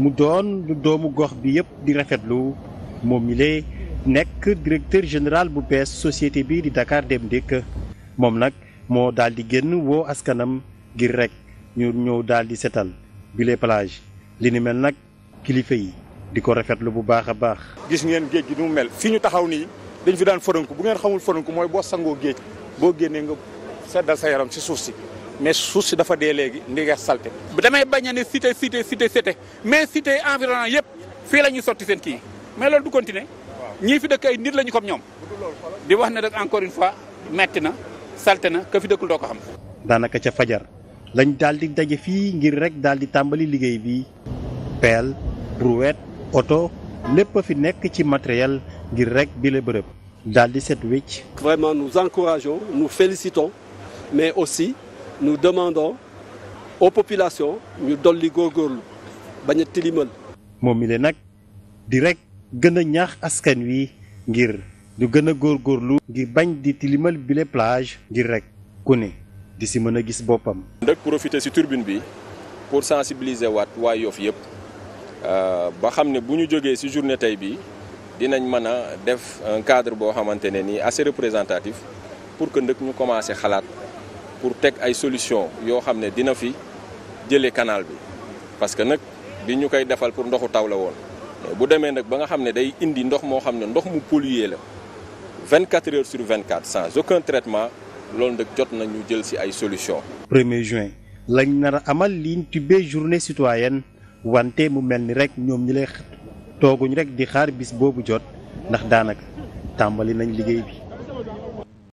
mu doon lu doomu gox bi yëpp di rafetlu moom ñu lee nekk directeur général bu bees société bi di Dakar Dem dékk moom nag moo daal di génn woo askanam ngir rek ñu ñëw daal di setal bile plage li ni mel nag kilifa yi di ko rafetlu bu baax a baax. gis ngeen géej gi nu mu mel fii ñu taxaw nii dañu fi daan fërënku bu ngeen xamul fërënku mooy boo sangoo géej boo génnee nga seddal sa yaram si suuf si. mais suuf si dafa dee léegi ndiga salté damay bañ a ne cité cité cité cité mais site environnement yëpp fii la ñuy sotti seen kii mais loolu du continuer ñii fi dëkk ay nit la ñu comme ñoom di wax na rek encore une fois metti na salté na ka fi dëkkul doo ko xam daanaka ca fajar lañ daal di daje fii ngir rek daal di tàmbali liggéey bi peel brouette oto lépp a fi nekk ci matériel ngir rek bi la bërëb daal di set wécc vraiment nous encourageons nous félicitons mais aussi nous demandon aux populations ñu dolli góorgóorlu bañ a tilimal. moom mi leen nag di rek gën a ñaax askan wi ngir ñu gën a góorlu ngir bañ di tilimal bile plage. ngir rek ku ne di si mën a gis boppam. ndek profiter si turbine bi pour sensibiliser waat waa Yoff yëpp euh, ba xam ne bu ñu jógee si journée tey bi dinañ mën a def un cadre boo xamante ne nii assez représentatif pour que ndëkk ñu commencé xalaat. pour teg ay solution yoo xam ne dina fi jëlee kanaal bi parce que nag bi ñu koy defal pour ndoxu taw la woon mais bu demee nag ba nga xam ne day indi ndox moo xam ne ndox mu pollué la 24 heures sur quatre sans aucun traitement loolu nag jot nañu jël ci ay solution 1 juin lañ nar a amal liñ tubé journée citoyenne wante mu mel ni rek ñoom ñi lay tooguñ rek di xaar bis boobu jot ndax daanaka tàmbali nañ liggéey bi